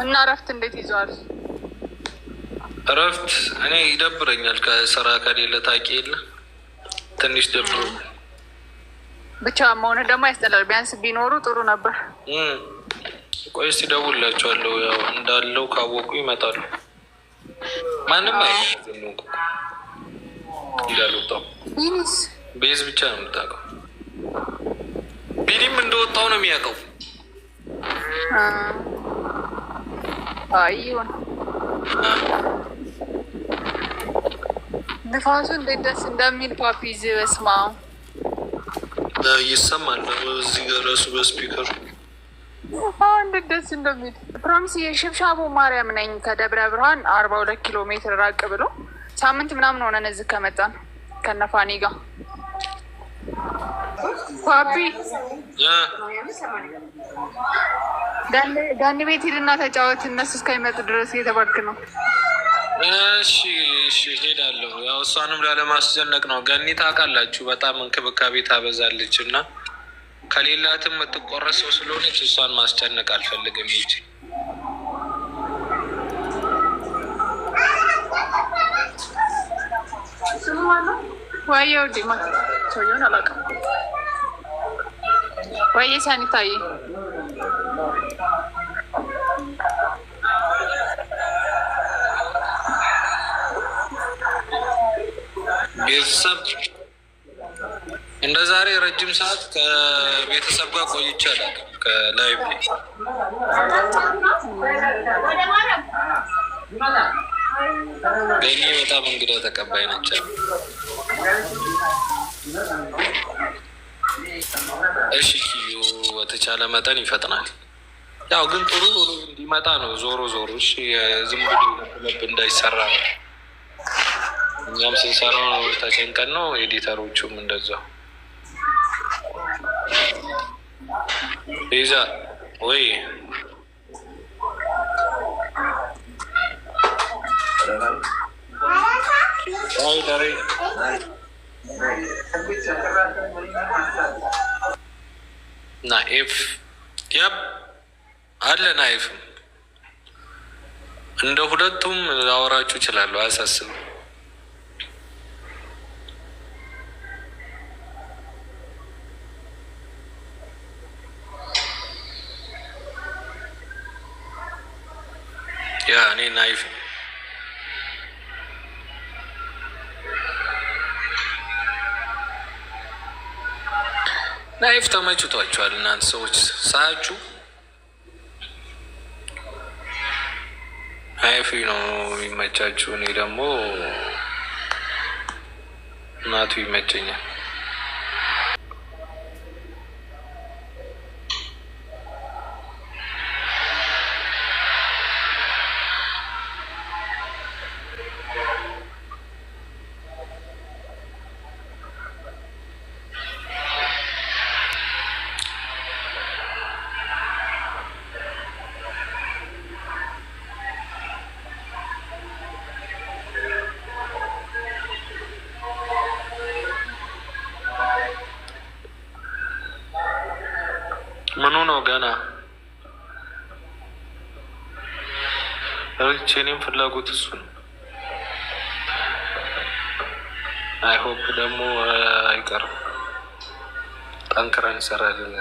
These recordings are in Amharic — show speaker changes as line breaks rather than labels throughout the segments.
እና እረፍት እንዴት ይዘዋል?
እረፍት እኔ ይደብረኛል። ከስራ ከሌለ ታውቂ የለ ትንሽ ደብሮ
ብቻ መሆነ ደግሞ ያስጠላል። ቢያንስ ቢኖሩ ጥሩ ነበር።
ቆይ እስኪ እደውልላቸዋለሁ። ያው እንዳለው ካወቁ ይመጣሉ። ማንም አይ እንዳልወጣው ቤዝ ብቻ ነው የምታውቀው። ቢኒም እንደወጣው ነው የሚያውቀው።
ይሁን። ንፋሱ እንዴት ደስ እንደሚል ፓፒዝ በስማ
ይሰማል። እዚህ ጋር ራሱ በስፒከር
እንዴት ደስ እንደሚል ፕሮሚስ። የሽብሻቦ ማርያም ነኝ ከደብረ ብርሃን አርባ ሁለት ኪሎ ሜትር ራቅ ብሎ ሳምንት ምናምን ሆነን እዚህ ከመጣን ከነፋኒ ጋር ፓፒ ጋኒ ቤት ሂድና ተጫወት እነሱ እስከሚመጡ ድረስ እየተባልክ ነው።
እሺ እሺ፣ ሄዳለሁ። ያው እሷንም ላለማስጨነቅ ነው። ገኒ ታውቃላችሁ፣ በጣም እንክብካቤ ታበዛለች እና ከሌላትም የምትቆረሰው ስለሆነች እሷን ማስጨነቅ አልፈልግም። ይች
ወየው ዲማ ሰውየውን አላውቅም። ወየ ሳኒታዬ
ቤተሰብ እንደ ዛሬ ረጅም ሰዓት ከቤተሰብ ጋር ቆይቼ አላውቅም። ከላይ በእኔ በጣም እንግዳ ተቀባይ ነች። እሺ ኪዩ በተቻለ መጠን ይፈጥናል። ያው ግን ጥሩ ሆኖ እንዲመጣ ነው። ዞሮ ዞሮ እሺ፣ ዝም ብሎ ለብ እንዳይሰራ ነው። እኛም ስንሰራው ነው ተጨንቀን ነው፣ ኤዲተሮቹም እንደዛው። ቤዛ ወይ አይ ናኤፍ ያብ አለ ናኤፍም እንደ ሁለቱም ላወራችሁ እችላለሁ። አያሳስብም። ያ እኔ ናይፍ ላይፍ ተመችቷቸዋል። እናንተ ሰዎች ሳያችሁ ላይፍ ነው የሚመቻችሁ። እኔ ደግሞ እናቱ ይመቸኛል። ነው ገና ሪች እኔም ፍላጎት እሱ ነው። አይሆፕ ደግሞ አይቀርም። ጠንክረን እንሰራለን።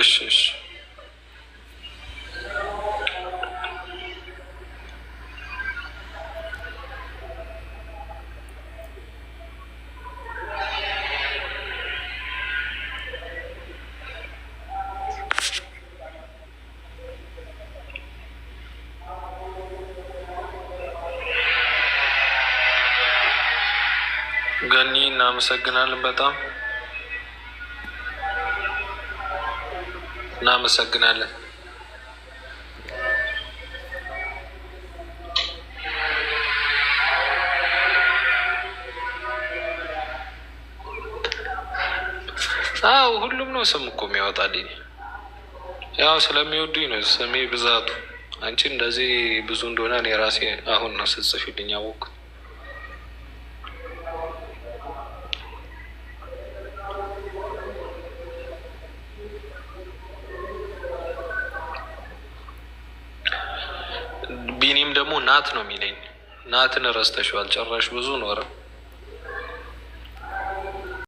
እሺ እሺ ገኒ እናመሰግናለን። በጣም እናመሰግናለን። አዎ ሁሉም ነው ስም እኮ የሚያወጣልኝ። ያው ስለሚወዱኝ ነው ስሜ ብዛቱ። አንቺ እንደዚህ ብዙ እንደሆነ እኔ ራሴ አሁን ነው ስትጽፊልኝ ያወቅኩት። ደግሞ ናት ነው የሚለኝ። ናትን ረስተሽዋል ጭራሽ ብዙ ኖረ